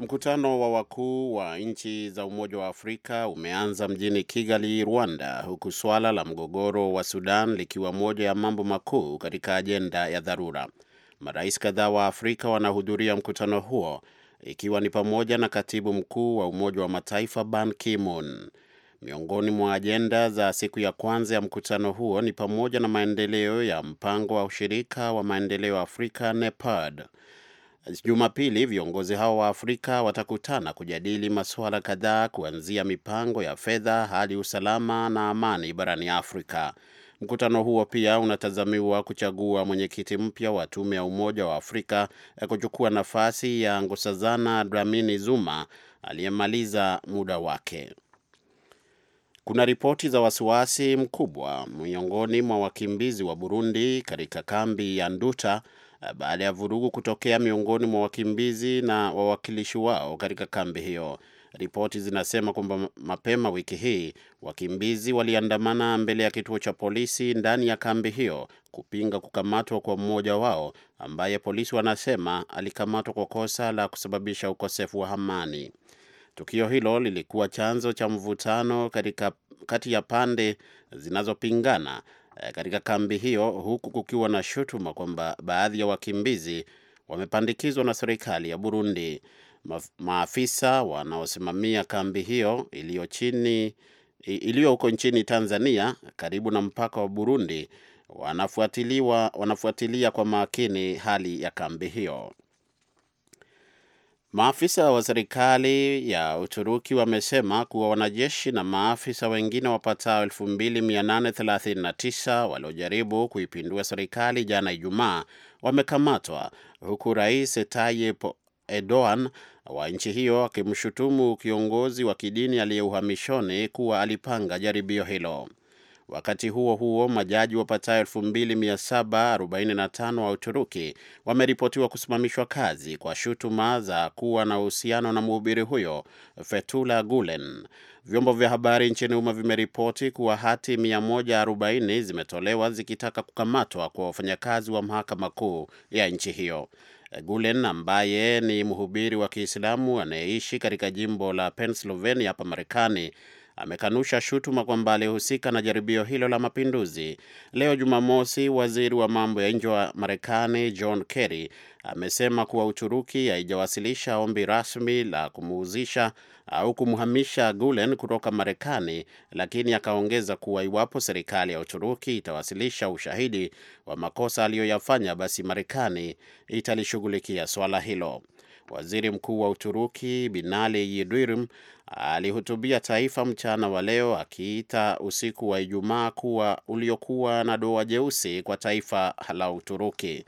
Mkutano wa wakuu wa nchi za Umoja wa Afrika umeanza mjini Kigali, Rwanda, huku swala la mgogoro wa Sudan likiwa moja ya mambo makuu katika ajenda ya dharura. Marais kadhaa wa Afrika wanahudhuria mkutano huo ikiwa ni pamoja na katibu mkuu wa Umoja wa Mataifa Ban Ki-moon. Miongoni mwa ajenda za siku ya kwanza ya mkutano huo ni pamoja na maendeleo ya mpango wa ushirika wa maendeleo Afrika NEPAD Jumapili viongozi hao wa Afrika watakutana kujadili masuala kadhaa kuanzia mipango ya fedha hadi usalama na amani barani Afrika. Mkutano huo pia unatazamiwa kuchagua mwenyekiti mpya wa tume ya Umoja wa Afrika ya eh, kuchukua nafasi ya Nkosazana Dlamini Zuma aliyemaliza muda wake. Kuna ripoti za wasiwasi mkubwa miongoni mwa wakimbizi wa Burundi katika kambi ya Nduta baada ya vurugu kutokea miongoni mwa wakimbizi na wawakilishi wao katika kambi hiyo. Ripoti zinasema kwamba mapema wiki hii wakimbizi waliandamana mbele ya kituo cha polisi ndani ya kambi hiyo kupinga kukamatwa kwa mmoja wao ambaye polisi wanasema alikamatwa kwa kosa la kusababisha ukosefu wa amani. Tukio hilo lilikuwa chanzo cha mvutano katika kati ya pande zinazopingana Eh, katika kambi hiyo, huku kukiwa na shutuma kwamba baadhi ya wakimbizi wamepandikizwa na serikali ya Burundi. Maafisa wanaosimamia kambi hiyo iliyo chini iliyo huko nchini Tanzania karibu na mpaka wa Burundi wanafuatiliwa wanafuatilia kwa makini hali ya kambi hiyo. Maafisa wa serikali ya Uturuki wamesema kuwa wanajeshi na maafisa wengine wapatao 2839 waliojaribu kuipindua serikali jana Ijumaa wamekamatwa huku Rais Tayyip Erdogan wa nchi hiyo akimshutumu kiongozi wa kidini aliye uhamishoni kuwa alipanga jaribio hilo. Wakati huo huo, majaji wapatao 2745 wa Uturuki wameripotiwa kusimamishwa kazi kwa shutuma za kuwa na uhusiano na mhubiri huyo Fethullah Gulen. Vyombo vya habari nchini humo vimeripoti kuwa hati 140 zimetolewa zikitaka kukamatwa kwa wafanyakazi wa mahakama kuu ya nchi hiyo. Gulen ambaye ni mhubiri wa Kiislamu anayeishi katika jimbo la Pennsylvania hapa Marekani amekanusha shutuma kwamba alihusika na jaribio hilo la mapinduzi. Leo Jumamosi, waziri wa mambo ya nje wa Marekani John Kerry amesema kuwa Uturuki haijawasilisha ombi rasmi la kumuuzisha au kumhamisha Gulen kutoka Marekani, lakini akaongeza kuwa iwapo serikali ya Uturuki itawasilisha ushahidi wa makosa aliyoyafanya, basi Marekani italishughulikia swala hilo. Waziri Mkuu wa Uturuki Binali Yildirim alihutubia taifa mchana wa leo akiita usiku wa Ijumaa kuwa uliokuwa na doa jeusi kwa taifa la Uturuki.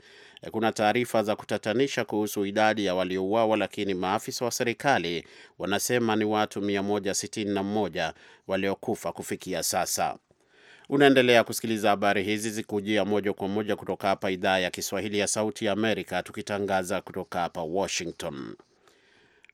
Kuna taarifa za kutatanisha kuhusu idadi ya waliouawa, lakini maafisa wa serikali wanasema ni watu 161 waliokufa kufikia sasa. Unaendelea kusikiliza habari hizi zikujia moja kwa moja kutoka hapa idhaa ya Kiswahili ya Sauti ya Amerika, tukitangaza kutoka hapa Washington.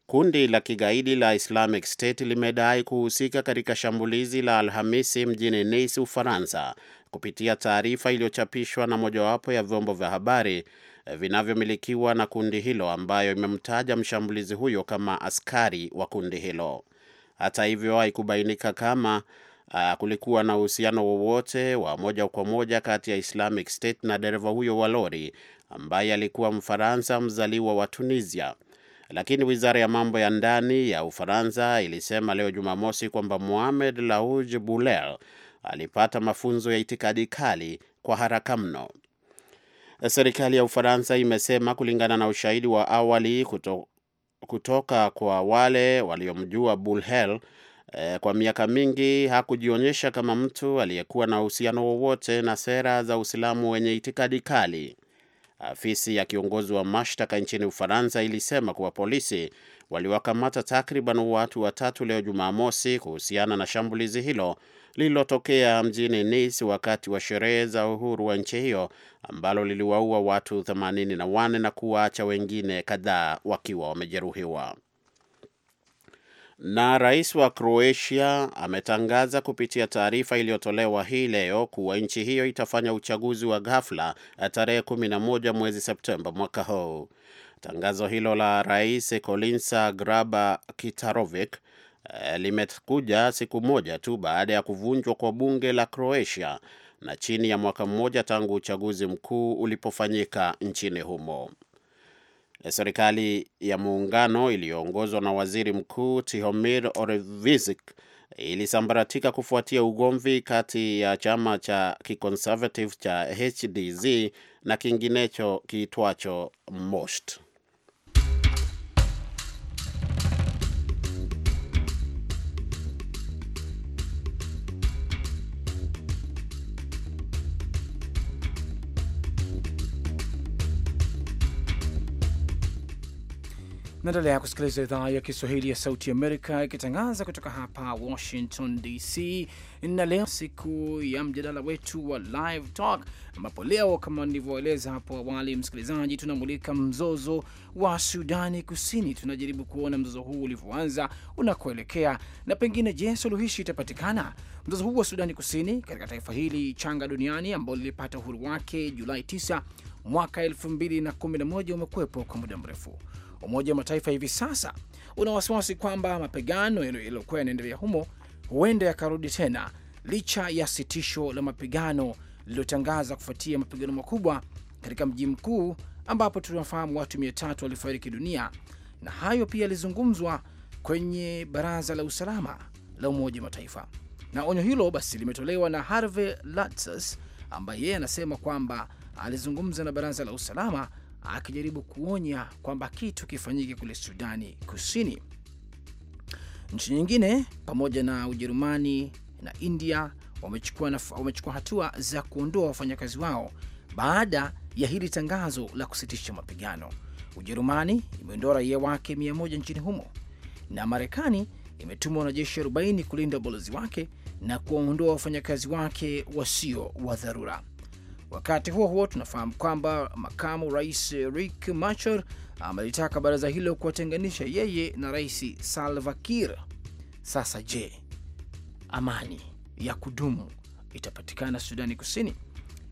Kundi la kigaidi la Islamic State limedai kuhusika katika shambulizi la Alhamisi mjini Nice, Ufaransa, kupitia taarifa iliyochapishwa na mojawapo ya vyombo vya habari eh, vinavyomilikiwa na kundi hilo, ambayo imemtaja mshambulizi huyo kama askari wa kundi hilo. Hata hivyo, haikubainika kama uh, kulikuwa na uhusiano wowote wa moja kwa moja kati ya Islamic State na dereva huyo wa lori ambaye alikuwa Mfaransa mzaliwa wa Tunisia. Lakini wizara ya mambo ya ndani ya Ufaransa ilisema leo Jumamosi kwamba Mohamed Laouj Boulel alipata mafunzo ya itikadi kali kwa haraka mno. Serikali ya Ufaransa imesema kulingana na ushahidi wa awali kuto, kutoka kwa wale waliomjua Boulel E, kwa miaka mingi hakujionyesha kama mtu aliyekuwa na uhusiano wowote na sera za Uislamu wenye itikadi kali. Afisi ya kiongozi wa mashtaka nchini Ufaransa ilisema kuwa polisi waliwakamata takriban watu watatu leo Jumamosi kuhusiana na shambulizi hilo lililotokea mjini Nice wakati wa sherehe za uhuru wa nchi hiyo ambalo liliwaua watu 84 na kuwaacha wengine kadhaa wakiwa wamejeruhiwa. Na rais wa Croatia ametangaza kupitia taarifa iliyotolewa hii leo kuwa nchi hiyo itafanya uchaguzi wa ghafla eh, tarehe 11 mwezi Septemba mwaka huu. Tangazo hilo la rais Kolinsa Graba Kitarovic eh, limekuja siku moja tu baada ya kuvunjwa kwa bunge la Croatia na chini ya mwaka mmoja tangu uchaguzi mkuu ulipofanyika nchini humo serikali ya muungano iliyoongozwa na waziri mkuu Tihomir Orevisik ilisambaratika kufuatia ugomvi kati ya chama cha kiconservative cha HDZ na kinginecho kiitwacho MOST. Naendelea kusikiliza idhaa ya Kiswahili ya Sauti Amerika ikitangaza kutoka hapa Washington DC, na leo siku ya mjadala wetu wa Live Talk, ambapo leo kama nilivyoeleza hapo awali, msikilizaji, tunamulika mzozo wa Sudani Kusini. Tunajaribu kuona mzozo huu ulivyoanza, unakoelekea, na pengine, je, suluhishi itapatikana? Mzozo huu wa Sudani Kusini katika taifa hili changa duniani ambalo lilipata uhuru wake Julai 9 mwaka 2011 umekwepo kwa muda mrefu Umoja wa Mataifa hivi sasa una wasiwasi kwamba mapigano yaliyokuwa yanaendelea humo huenda yakarudi tena licha ya sitisho la mapigano lililotangaza kufuatia mapigano makubwa katika mji mkuu ambapo tunafahamu watu mia tatu walifariki dunia, na hayo pia yalizungumzwa kwenye Baraza la Usalama la Umoja wa Mataifa. Na onyo hilo basi limetolewa na Harvey Latzos ambaye yeye anasema kwamba alizungumza na Baraza la Usalama akijaribu kuonya kwamba kitu kifanyike kule Sudani Kusini. Nchi nyingine pamoja na Ujerumani na India wamechukua, wamechukua hatua za kuondoa wafanyakazi wao baada ya hili tangazo la kusitisha mapigano. Ujerumani imeondoa raia wake mia moja nchini humo na Marekani imetuma wanajeshi 40 kulinda ubalozi wake na kuwaondoa wafanyakazi wake wasio wa dharura. Wakati huo huo, tunafahamu kwamba makamu rais rik Machar amelitaka baraza hilo kuwatenganisha yeye na rais Salva Kiir. Sasa je, amani ya kudumu itapatikana Sudani Kusini?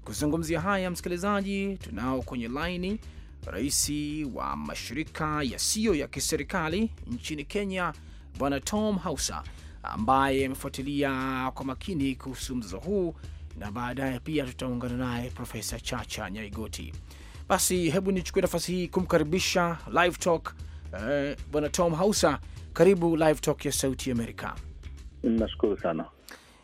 Kuzungumzia haya, msikilizaji, tunao kwenye laini rais wa mashirika yasiyo ya kiserikali nchini Kenya, Bwana Tom Hausa ambaye amefuatilia kwa makini kuhusu mzozo huu na baadaye pia tutaungana naye Profesa Chacha Nyaigoti. Basi hebu nichukue nafasi hii kumkaribisha Live Talk eh, Bwana Tom Hausa, karibu Live Talk ya Sauti Amerika. Nashukuru sana.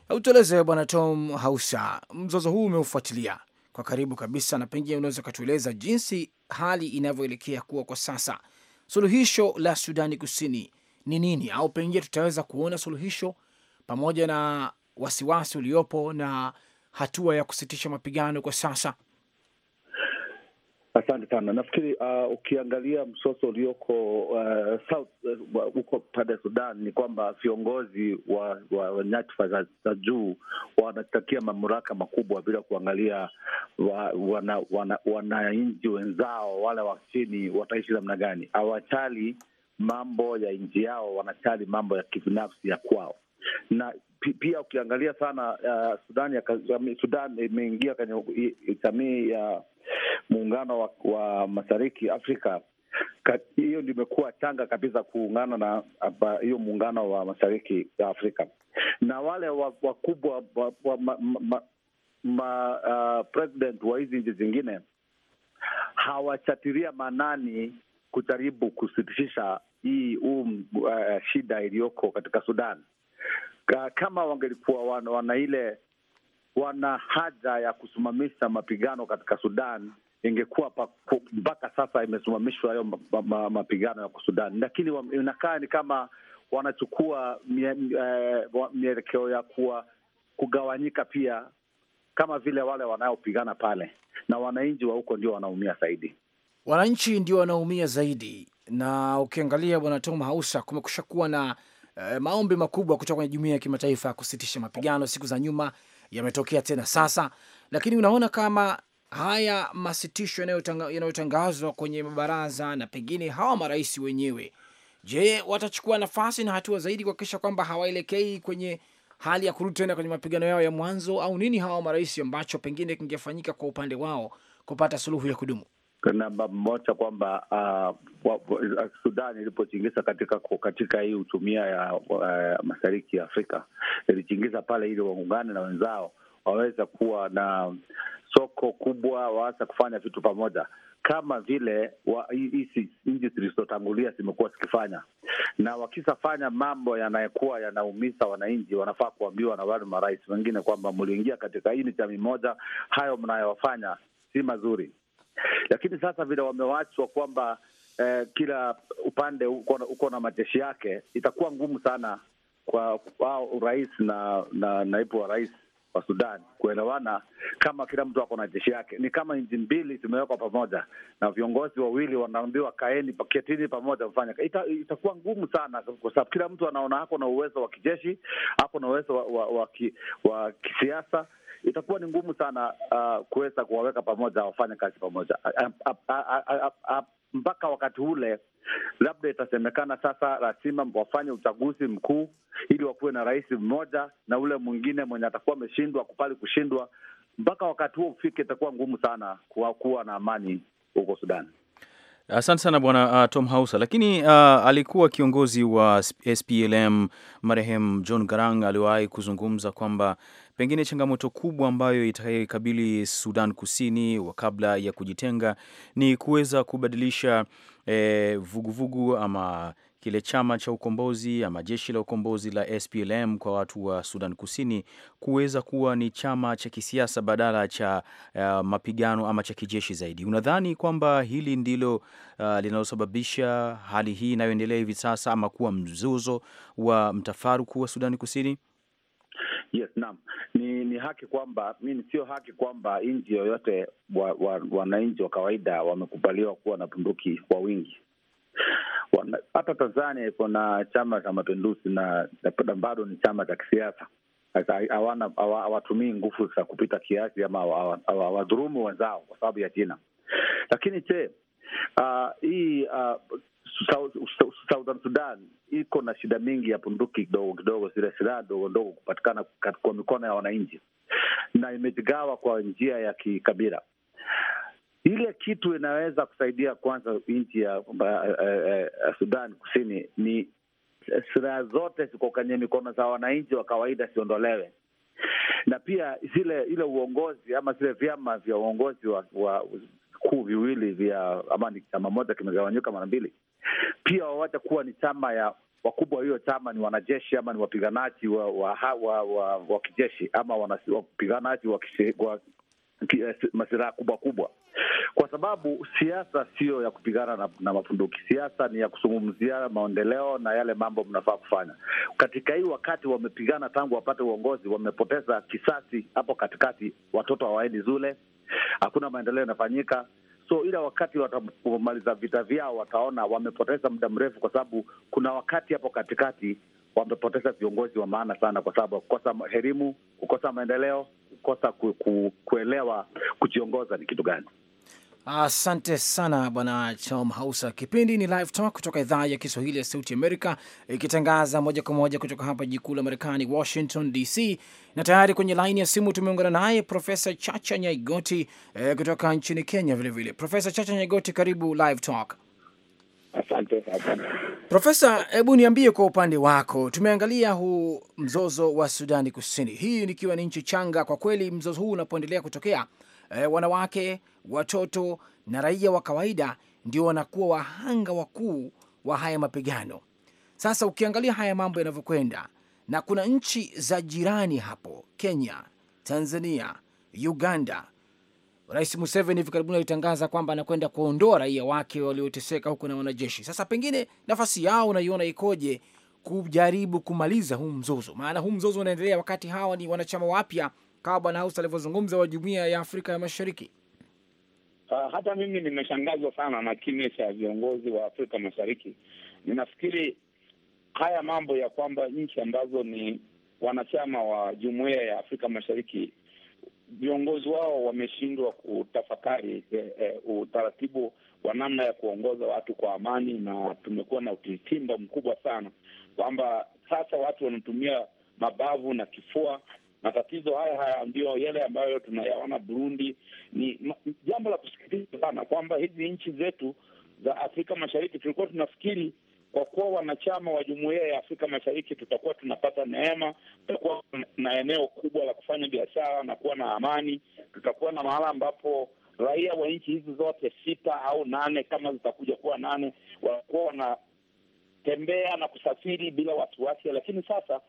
Utueleze Bwana Tom Hausa, mzozo huu umeufuatilia kwa karibu kabisa, na pengine unaweza ukatueleza jinsi hali inavyoelekea kuwa kwa sasa. Suluhisho la Sudani Kusini ni nini, au pengine tutaweza kuona suluhisho pamoja na wasiwasi uliopo na hatua ya kusitisha mapigano kwa sasa? Asante sana. Nafikiri uh, ukiangalia msoso ulioko uh, uh, uko pande ya Sudan ni kwamba viongozi wa, wa, wa nyadhifa za, za juu wanatakia mamlaka makubwa bila kuangalia wananchi wana, wana wenzao wale wa chini wataishi namna gani. Hawachali mambo ya nchi yao, wanachali mambo ya kibinafsi ya kwao na pia ukiangalia sana uh, Sudan Sudan imeingia kwenye jamii ya muungano wa, wa mashariki Afrika. Hiyo ndio imekuwa changa kabisa kuungana na hiyo muungano wa mashariki ya Afrika na wale wakubwa wa, wa, wa, ma, ma, ma, uh, president wa hizi nchi zingine hawachatiria manani kujaribu kusitisha hii huu uh, shida iliyoko katika Sudan kama wangelikuwa wana, wana ile wana haja ya kusimamisha mapigano katika Sudan ingekuwa mpaka sasa imesimamishwa hayo mapigano ya Sudan, lakini inakaa ni kama wanachukua eh, mielekeo mie, ya kuwa kugawanyika pia kama vile wale wanaopigana pale, na wananchi wa huko ndio wanaumia zaidi. Wananchi ndio wanaumia zaidi, na ukiangalia Bwana Tom Hausa, kumekusha kuwa na Eh, maombi makubwa kutoka kwenye jumuiya ya kimataifa ya kusitisha mapigano siku za nyuma yametokea tena sasa, lakini unaona kama haya masitisho yanayotangazwa kwenye mabaraza na pengine hawa marais wenyewe, je, watachukua nafasi na hatua zaidi kuhakikisha kwamba hawaelekei kwenye hali ya kurudi tena kwenye mapigano yao ya mwanzo, au nini hawa marais ambacho pengine kingefanyika kwa upande wao kupata suluhu ya kudumu? namba moja kwamba uh, Sudan ilipojiingiza katika katika hii utumia ya uh, mashariki ya Afrika ilijiingiza pale ili waungane na wenzao waweza kuwa na soko kubwa, waweza kufanya vitu pamoja kama vile hizi nchi zilizotangulia zimekuwa zikifanya, na wakishafanya mambo yanayokuwa yanaumiza wananchi, wanafaa kuambiwa na wale marais wengine kwamba mliingia katika hii ni jamii moja, hayo mnayofanya si mazuri lakini sasa vile wamewachwa kwamba eh, kila upande uko na majeshi yake, itakuwa ngumu sana kwa wao rais na, na naibu wa rais wa Sudan kuelewana kama kila mtu ako na jeshi yake. Ni kama nchi mbili zimewekwa pamoja na viongozi wawili wanaambiwa kaeni paketini pamoja mfanya ita, itakuwa ngumu sana, kwa sababu kila mtu anaona ako na uwezo wa kijeshi, ako na uwezo wa, wa, wa, wa, wa kisiasa itakuwa ni ngumu sana uh, kuweza kuwaweka pamoja, wafanya kazi pamoja mpaka wakati ule. Labda itasemekana sasa, lazima wafanye uchaguzi mkuu ili wakuwe na rais mmoja na ule mwingine mwenye atakuwa ameshindwa kupali kushindwa. Mpaka wakati huo ufike, itakuwa ngumu sana kuwa na amani huko Sudani. Asante sana bwana uh, Tom Hausa. Lakini uh, alikuwa kiongozi wa SPLM marehemu John Garang aliwahi kuzungumza kwamba pengine changamoto kubwa ambayo itakaikabili Sudan Kusini kabla ya kujitenga ni kuweza kubadilisha eh, vuguvugu eh, vugu ama kile chama cha ukombozi ama jeshi la ukombozi la SPLM kwa watu wa Sudan Kusini kuweza kuwa ni chama cha kisiasa badala cha uh, mapigano ama cha kijeshi zaidi. Unadhani kwamba hili ndilo uh, linalosababisha hali hii inayoendelea hivi sasa ama kuwa mzuzo wa mtafaruku wa sudani Kusini? Yes, naam. Ni ni haki kwamba mimi, sio haki kwamba nchi yoyote wananchi wa, wa, wa kawaida wamekubaliwa kuwa na bunduki kwa wingi. Hapa Tanzania kuna Chama cha Mapinduzi na bado ni chama cha kisiasa, hawatumii nguvu za kupita kiasi, ama hawadhurumu wenzao kwa sababu ya jina. Lakini je, uh, hii uh, Southern Sudan iko na shida mingi ya bunduki kidogo kidogo, zile silaha ndogo ndogo kupatikana kwa mikono ya wananchi, na imejigawa kwa njia ya kikabila. Ile kitu inaweza kusaidia kwanza nchi ya eh, eh, eh, sudan Kusini ni silaha zote ziko kwenye mikono za wananchi wa kawaida ziondolewe, na pia zile ile uongozi ama zile vyama vya uongozi wa, wa kuu viwili vya ama ni chama moja kimegawanyika mara mbili, pia wawacha kuwa ni chama ya wakubwa hiyo chama ni wanajeshi ama ni wapiganaji wa wa, wa, wa, wa kijeshi ama wapiganaji wa, wa masiraha kubwa kubwa, kwa sababu siasa siyo ya kupigana na, na mapunduki. Siasa ni ya kuzungumzia maendeleo na yale mambo mnafaa kufanya. Katika hii wakati wamepigana tangu wapate uongozi, wamepoteza kisasi hapo katikati, watoto hawaendi zule, hakuna maendeleo yanafanyika. So ila wakati watamaliza vita vyao, wataona wamepoteza muda mrefu, kwa sababu kuna wakati hapo katikati wamepoteza viongozi wa maana sana, kwa sababu kukosa elimu, kukosa maendeleo kukosa ku, ku, kuelewa kujiongoza ni kitu gani. Asante sana bwana Tom Hausa. Kipindi ni Live Talk kutoka idhaa ya Kiswahili ya Sauti Amerika, ikitangaza moja kwa moja kutoka hapa jikuu la Marekani, Washington DC. Na tayari kwenye laini ya simu tumeungana naye Profesa Chacha Nyaigoti eh, kutoka nchini Kenya vilevile. Profesa Chacha Nyaigoti, karibu Live Talk. Asante sana Profesa, hebu niambie kwa upande wako, tumeangalia huu mzozo wa Sudani Kusini, hii nikiwa ni nchi changa. Kwa kweli mzozo huu unapoendelea kutokea, e, wanawake, watoto na raia wa kawaida ndio wanakuwa wahanga wakuu wa haya mapigano. Sasa ukiangalia haya mambo yanavyokwenda, na kuna nchi za jirani hapo, Kenya, Tanzania, Uganda Rais Museveni hivi karibuni alitangaza kwamba anakwenda kuondoa raia wake walioteseka huko na wanajeshi. Sasa pengine nafasi yao unaiona ikoje kujaribu kumaliza huu mzozo? Maana huu mzozo unaendelea wakati hawa ni wanachama wapya, kama Bwana Haus alivyozungumza, wa Jumuiya ya Afrika ya Mashariki. Uh, hata mimi nimeshangazwa sana na kimya cha viongozi wa Afrika Mashariki. Ninafikiri haya mambo ya kwamba nchi ambazo ni wanachama wa Jumuiya ya Afrika Mashariki viongozi wao wameshindwa kutafakari eh, eh, utaratibu wa namna ya kuongoza watu kwa amani, na tumekuwa na utitimba mkubwa sana kwamba sasa watu wanatumia mabavu na kifua. Matatizo haya haya ndiyo yale ambayo tunayaona Burundi. Ni jambo la kusikitisha sana kwamba hizi nchi zetu za Afrika Mashariki tulikuwa tunafikiri kwa kuwa wanachama wa jumuiya ya Afrika Mashariki tutakuwa tunapata neema, tutakuwa na eneo kubwa la kufanya biashara na kuwa na amani. Tutakuwa na mahala ambapo raia wa nchi hizi zote sita au nane kama zitakuja kuwa nane, watakuwa wanatembea na kusafiri bila wasiwasi. Lakini sasa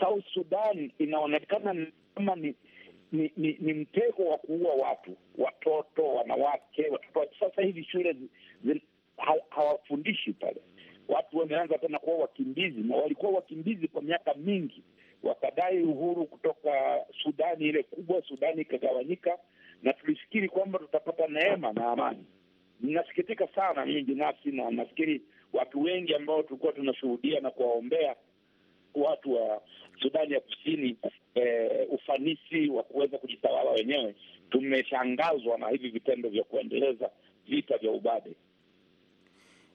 South Sudan inaonekana kama ni ni, ni, ni mtego wa kuua watu, watoto, wanawake, watoto. Sasa hivi shule hawafundishi pale watu wameanza tena kuwa wakimbizi, na walikuwa wakimbizi kwa miaka mingi, wakadai uhuru kutoka Sudani ile kubwa. Sudani ikagawanyika, na tulifikiri kwamba tutapata neema na amani. Ninasikitika sana mimi binafsi, na nafikiri watu wengi ambao tulikuwa tunashuhudia na kuwaombea watu wa Sudani ya Kusini eh, ufanisi wa kuweza kujitawala wenyewe, tumeshangazwa na hivi vitendo vya kuendeleza vita vya ubade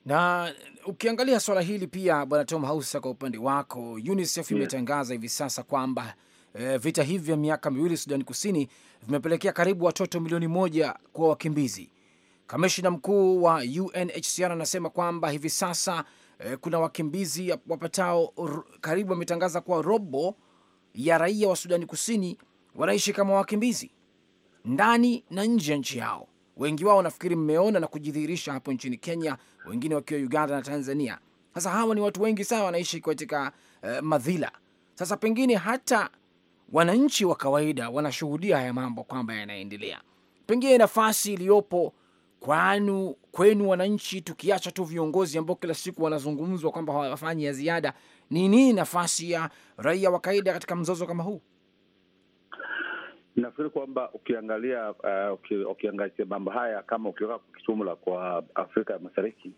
na ukiangalia swala hili pia, bwana Tom Hausa, kwa upande wako UNICEF mm. imetangaza hivi sasa kwamba e, vita hivi vya miaka miwili Sudani Kusini vimepelekea karibu watoto milioni moja kuwa wakimbizi. Kamishina mkuu wa UNHCR anasema kwamba hivi sasa e, kuna wakimbizi wapatao karibu, wametangaza kuwa robo ya raia wa Sudani Kusini wanaishi kama wakimbizi ndani na nje ya nchi yao. Wengi wao nafikiri mmeona na kujidhihirisha hapo nchini Kenya, wengine wakiwa Uganda na Tanzania. Sasa hawa ni watu wengi sana wanaishi katika uh, madhila. Sasa pengine hata wananchi wa kawaida wanashuhudia haya mambo kwamba yanaendelea, pengine nafasi iliyopo kwanu kwenu wananchi, tukiacha tu viongozi ambao kila siku wanazungumzwa kwamba hawafanyi ya ziada, ni nini nafasi ya raia wa kawaida katika mzozo kama huu? Nafikiri kwamba ukiangalia uh, uki, ukiangazia mambo haya kama ukiweka kijumla kwa Afrika ya Mashariki,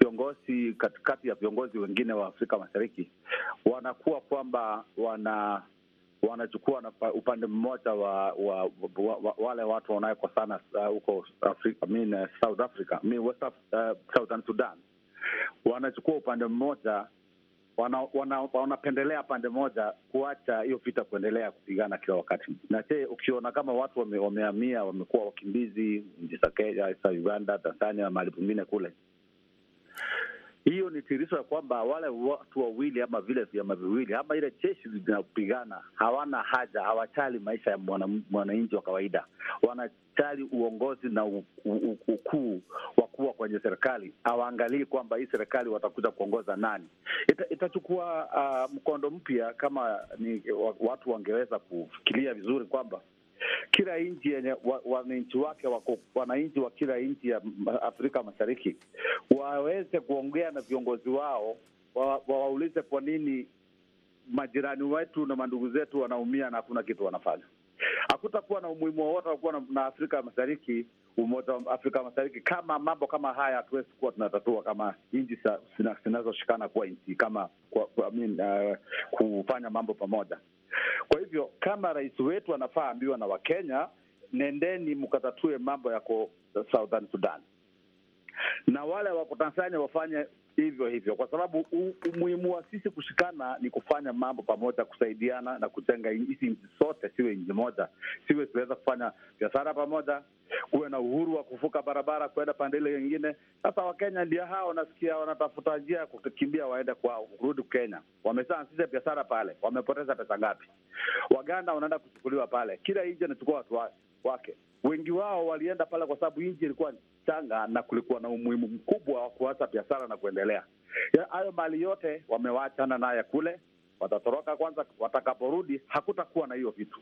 viongozi katikati ya viongozi wengine wa Afrika Mashariki wanakuwa kwamba wana wanachukua na upande mmoja wa, wa, wa, wa wale watu wanawekwa sana uh, huko uh, Afrika, mean, uh, South Africa mean, West, uh, Southern Sudan wanachukua upande mmoja wanapendelea wana, wana pande moja kuacha hiyo vita kuendelea kupigana kila wakati. Na je, ukiona kama watu wamehamia wame wamekuwa wakimbizi nchi za Kenya, Uganda, Tanzania mahali pengine kule, hiyo ni tirisho ya kwamba wale watu wawili ama vile vyama viwili ama ile jeshi zinapigana hawana haja, hawachali maisha ya mwananchi wa kawaida, wanachali uongozi na ukuu wa kuwa kwenye serikali. Hawaangalii kwamba hii serikali watakuja kuongoza nani. Ita, itachukua uh, mkondo mpya kama ni watu wangeweza kufikiria vizuri kwamba kila nchi yenye wananchi wa wake wako wananchi wa kila nchi ya Afrika Mashariki waweze kuongea na viongozi wao, wawaulize kwa nini majirani wetu na mandugu zetu wanaumia na hakuna kitu wanafanya. Hakutakuwa na umuhimu wowote kuwa na, na Afrika Mashariki, umoja wa Afrika Mashariki kama mambo kama haya hatuwezi kuwa tunatatua kama nchi zinazoshikana kuwa nchi kama kwa, kwa, mean, uh, kufanya mambo pamoja. Kwa hivyo kama rais wetu anafaa ambiwa na Wakenya, nendeni mkatatue mambo yako Southern Sudan, na wale wako Tanzania wafanye hivyo hivyo, kwa sababu umuhimu wa sisi kushikana ni kufanya mambo pamoja, kusaidiana na kujenga hizi nchi zote, siwe nchi moja, siwe tunaweza kufanya biashara pamoja, kuwe na uhuru wa kuvuka barabara kuenda pande ile nyingine. Sasa Wakenya ndio hao, nasikia wanatafuta njia ya kukimbia waende kwao, kurudi Kenya. Wameshaanzisha biashara pale, wamepoteza pesa ngapi? Waganda wanaenda kuchukuliwa pale, kila nchi anachukua watu wake. Wengi wao walienda pale kwa sababu nchi ilikuwa changa, na kulikuwa na umuhimu mkubwa wa kuacha biashara na kuendelea. Hayo mali yote wamewachana naye kule, watatoroka kwanza. Watakaporudi hakutakuwa na hiyo vitu,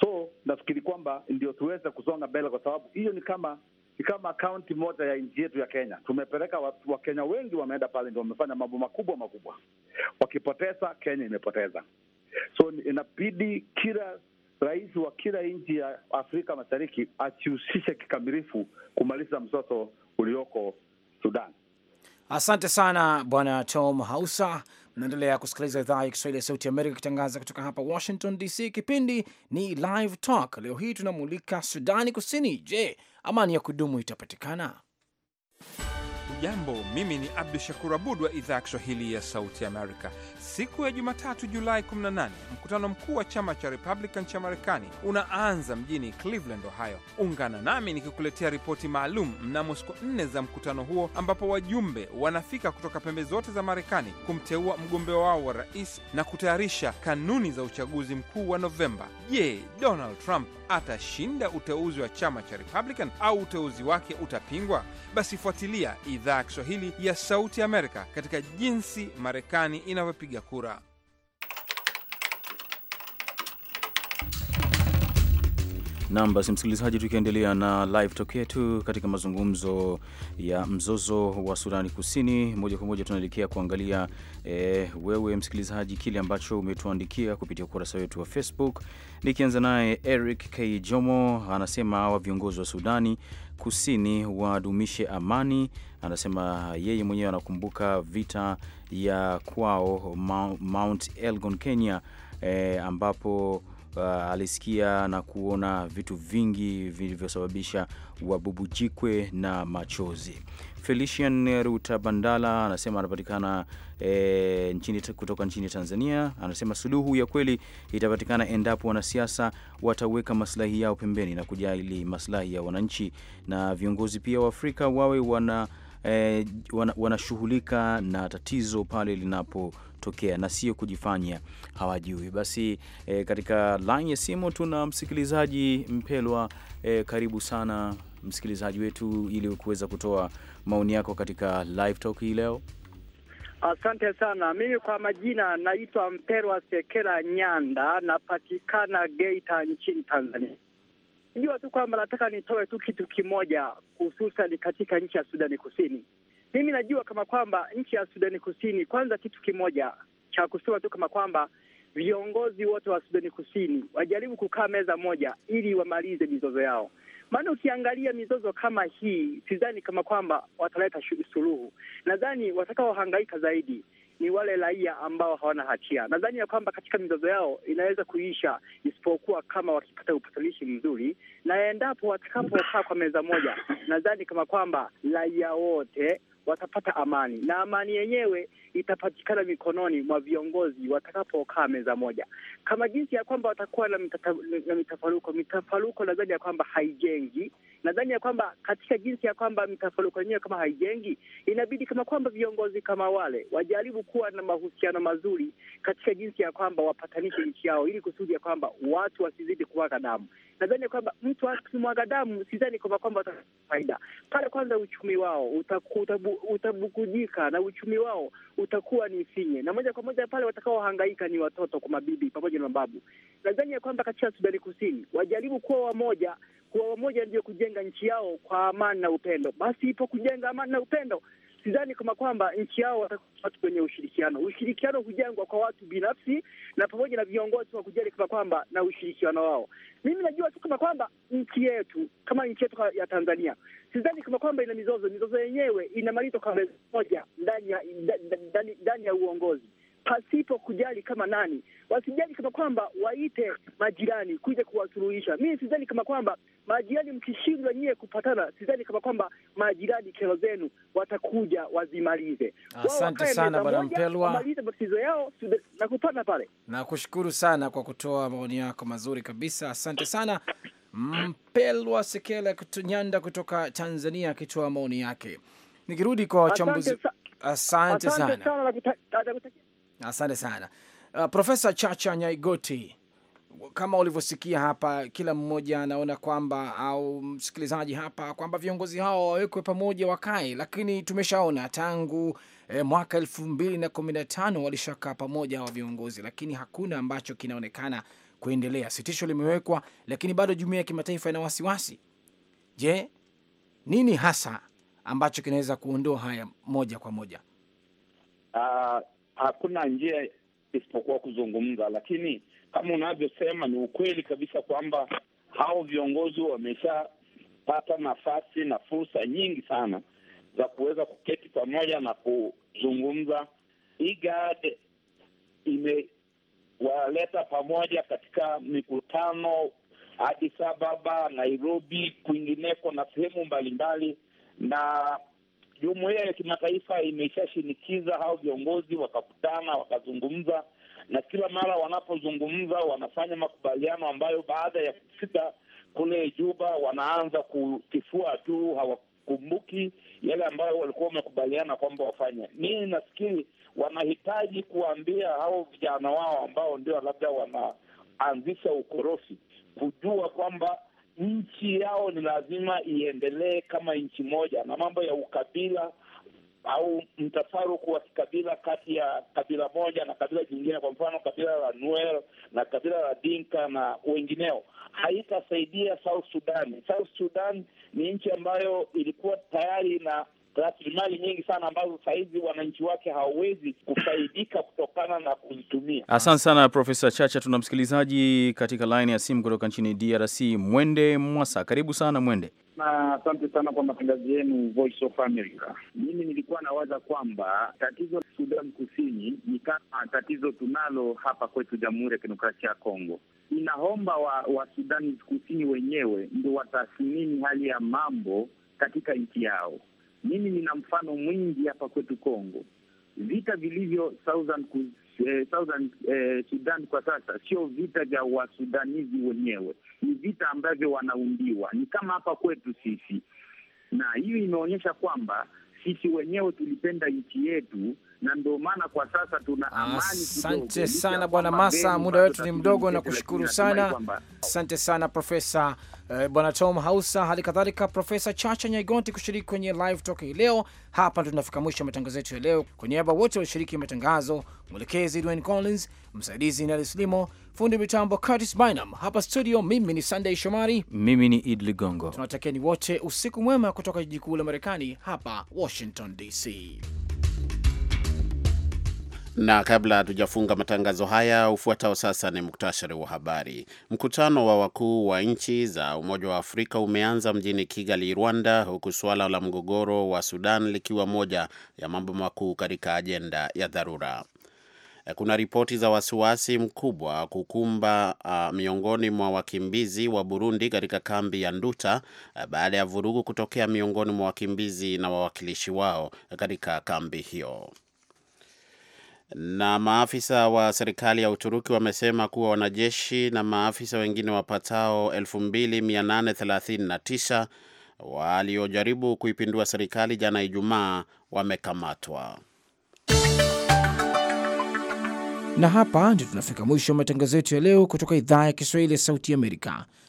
so nafikiri kwamba ndio tuweze kusonga mbele, kwa sababu hiyo ni kama ni kama kaunti moja ya nchi yetu ya Kenya. Tumepeleka Wakenya wa wengi wameenda pale, ndio wamefanya mambo makubwa makubwa. Wakipoteza, Kenya imepoteza. So inabidi kila rais wa kila nchi ya Afrika Mashariki ajihusishe kikamilifu kumaliza mzozo ulioko Sudan. Asante sana Bwana Tom Hausa. naendelea kusikiliza idhaa ya Kiswahili ya Sauti Amerika ikitangaza kutoka hapa Washington DC. Kipindi ni Live Talk. Leo hii tunamulika Sudani Kusini. Je, amani ya kudumu itapatikana? Hujambo, mimi ni Abdu Shakur Abud wa idhaa ya Kiswahili ya Sauti Amerika. Siku ya Jumatatu, Julai 18, mkutano mkuu wa chama cha Republican cha Marekani unaanza mjini Cleveland, Ohio. Ungana nami nikikuletea ripoti maalum mnamo siku nne za mkutano huo, ambapo wajumbe wanafika kutoka pembe zote za Marekani kumteua mgombea wao wa rais na kutayarisha kanuni za uchaguzi mkuu wa Novemba. Je, Donald Trump atashinda uteuzi wa chama cha Republican au uteuzi wake utapingwa? Basi fuatilia idhaa ya Kiswahili ya Sauti Amerika katika jinsi Marekani inavyopiga kura. Nam, basi msikilizaji, tukiendelea na live talk yetu katika mazungumzo ya mzozo wa Sudani Kusini, moja kwa moja tunaelekea kuangalia e, wewe msikilizaji, kile ambacho umetuandikia kupitia ukurasa wetu wa Facebook. Nikianza naye Eric K Jomo anasema hawa viongozi wa Sudani Kusini wadumishe amani. Anasema yeye mwenyewe anakumbuka vita ya kwao Mount Elgon, Kenya, e, ambapo uh, alisikia na kuona vitu vingi vilivyosababisha wabubujikwe na machozi. Felician Rutabandala anasema anapatikana e, nchini, kutoka nchini Tanzania. Anasema suluhu ya kweli itapatikana endapo wanasiasa wataweka maslahi yao pembeni na kujali maslahi ya wananchi, na viongozi pia wa Afrika wawe wanashughulika e, eh, wana, wanashughulika na tatizo pale linapo yanatokea na sio kujifanya hawajui. Basi e, katika laini ya simu tuna msikilizaji Mpelwa. E, karibu sana msikilizaji wetu ili kuweza kutoa maoni yako katika live talk hii leo. Asante sana. Mimi kwa majina naitwa mpelwa Sekera Nyanda, napatikana Geita nchini Tanzania. Nijua tu kwamba nataka nitoe tu kitu kimoja, hususan katika nchi ya Sudani Kusini. Mimi najua kama kwamba nchi ya Sudani Kusini, kwanza kitu kimoja cha kusema tu kama kwamba viongozi wote wa Sudani Kusini wajaribu kukaa meza moja ili wamalize mizozo yao, maana ukiangalia mizozo kama hii, sidhani kama kwamba wataleta suluhu. Nadhani watakaohangaika zaidi ni wale raia ambao hawana hatia. Nadhani ya kwamba katika mizozo yao inaweza kuisha, isipokuwa kama wakipata upatanishi mzuri, na endapo watakapokaa kwa meza moja, nadhani kama kwamba raia wote watapata amani, na amani yenyewe itapatikana mikononi mwa viongozi watakapokaa meza moja, kama jinsi ya kwamba watakuwa na, na mitafaruko. Mitafaruko nadhani ya kwamba haijengi, nadhani ya kwamba katika jinsi ya kwamba mitafaruko yenyewe kama haijengi, inabidi kama kwamba viongozi kama wale wajaribu kuwa na mahusiano mazuri katika jinsi ya kwamba wapatanishe nchi yao, ili kusudi ya kwamba watu wasizidi kumwaga damu. Nadhani ya kwamba mtu akimwaga damu, sidhani kwamba kwamba watafaida pale. Kwanza uchumi wao utaku, utabu, utabukujika na uchumi wao utakuwa ni finye, na moja kwa moja pale watakaohangaika ni watoto kwa mabibi pamoja na mababu. Nadhani ya kwamba katika Sudani Kusini wajaribu kuwa wamoja, kuwa wamoja ndio kujenga nchi yao kwa amani na upendo. Basi ipo kujenga amani na upendo sidhani kama kwamba nchi yao watu kwenye ushirikiano. Ushirikiano hujengwa kwa watu binafsi na pamoja na viongozi wa kujali kama kwamba na ushirikiano wao. Mimi najua tu kama kwamba nchi yetu kama nchi yetu ya Tanzania, sidhani kama kwamba ina mizozo. Mizozo yenyewe inamalizwa kwa meza moja ndani ya ndani ya uongozi pasipo kujali kama nani, wasijali kama kwamba waite majirani kuja kuwasuluhisha. Mimi sidhani kama kwamba majirani mkishindwa nyie kupatana, sidhani kama kwamba majirani kero zenu watakuja wazimalize. Asante sana bwana Mpelwa, matatizo yao na kupana pale. Nakushukuru sana kwa kutoa maoni yako mazuri kabisa, asante sana. Mpelwa Sekela Nyanda kutoka Tanzania akitoa maoni yake. Nikirudi kwa wachambuzi, asante, sana, asante sana, sana, uh, Profesa Chacha Nyaigoti kama ulivyosikia hapa, kila mmoja anaona kwamba au msikilizaji hapa kwamba viongozi hao wawekwe pamoja wakae, lakini tumeshaona tangu eh, mwaka elfu mbili na kumi na tano walishakaa pamoja hawa viongozi, lakini hakuna ambacho kinaonekana kuendelea. Sitisho limewekwa, lakini bado jumuiya ya kimataifa ina wasiwasi. Je, nini hasa ambacho kinaweza kuondoa haya moja kwa moja? Uh, hakuna njia isipokuwa kuzungumza, lakini kama unavyosema, ni ukweli kabisa kwamba hao viongozi wameshapata nafasi na fursa nyingi sana za kuweza kuketi pamoja na kuzungumza. IGAD imewaleta pamoja katika mikutano Addis Ababa, Nairobi, kwingineko na sehemu mbalimbali, na jumuiya ya kimataifa imeshashinikiza hao viongozi wakakutana, wakazungumza na kila mara wanapozungumza wanafanya makubaliano ambayo baada ya kufika kule Juba wanaanza kutifua tu, hawakumbuki yale ambayo walikuwa wamekubaliana kwamba wafanye. mii nafikiri wanahitaji kuwaambia hao vijana wao ambao ndio labda wanaanzisha ukorofi, kujua kwamba nchi yao ni lazima iendelee kama nchi moja, na mambo ya ukabila au mtafaruku wa kikabila kati ya kabila moja na kabila jingine, kwa mfano kabila la Nuer na kabila la Dinka na wengineo, haitasaidia South Sudan. South Sudan ni nchi ambayo ilikuwa tayari na rasilimali nyingi sana ambazo sahizi wananchi wake hawawezi kufaidika kutokana na kuzitumia. Asante sana Profesa Chacha. Tuna msikilizaji katika laini ya simu kutoka nchini DRC, Mwende Mwasa. Karibu sana Mwende na asante sana kwa matangazo yenu Voice of America. Mimi nilikuwa nawaza kwamba tatizo la Sudan Kusini ni kama tatizo tunalo hapa kwetu Jamhuri ya Kidemokrasia ya Kongo. Inaomba wa, wa Sudan Kusini wenyewe ndio watathmini hali ya mambo katika nchi yao. Mimi nina mfano mwingi hapa kwetu Kongo, vita vilivyo Southern Kusini eh, Southern eh, Sudan kwa sasa sio vita vya wasudanizi wenyewe, ni vita ambavyo wanaundiwa, ni kama hapa kwetu sisi, na hiyo imeonyesha kwamba sisi wenyewe tulipenda nchi yetu na ndio maana kwa sasa tuna ah, amani. Asante sana Bwana Masa, muda wetu ni mdogo na kushukuru sana. Asante sana Profesa eh, Bwana Tom Hausa, hali kadhalika Profesa Chacha Nyaigonti kushiriki kwenye live talk hii leo. Hapa ndo tunafika mwisho matangazo yetu ya leo. Kwa niaba wote walioshiriki matangazo, mwelekezi Dwayne Collins, msaidizi Nelis Limo, fundi mitambo Curtis Bynum, hapa studio mimi ni Sunday Shomari, mimi ni Id Ligongo. Tunawatakieni wote usiku mwema kutoka jiji kuu la Marekani hapa Washington DC. Na kabla hatujafunga matangazo haya, ufuatao sasa ni muktasari wa habari. Mkutano wa wakuu wa nchi za Umoja wa Afrika umeanza mjini Kigali, Rwanda, huku suala la mgogoro wa Sudan likiwa moja ya mambo makuu katika ajenda ya dharura. Kuna ripoti za wasiwasi mkubwa kukumba uh, miongoni mwa wakimbizi wa Burundi katika kambi ya Nduta uh, baada ya vurugu kutokea miongoni mwa wakimbizi na wawakilishi wao katika kambi hiyo. Na maafisa wa serikali ya Uturuki wamesema kuwa wanajeshi na maafisa wengine wapatao 2839 waliojaribu kuipindua serikali jana Ijumaa wamekamatwa. Na hapa ndio tunafika mwisho wa matangazo yetu ya leo kutoka idhaa ya Kiswahili ya Sauti Amerika.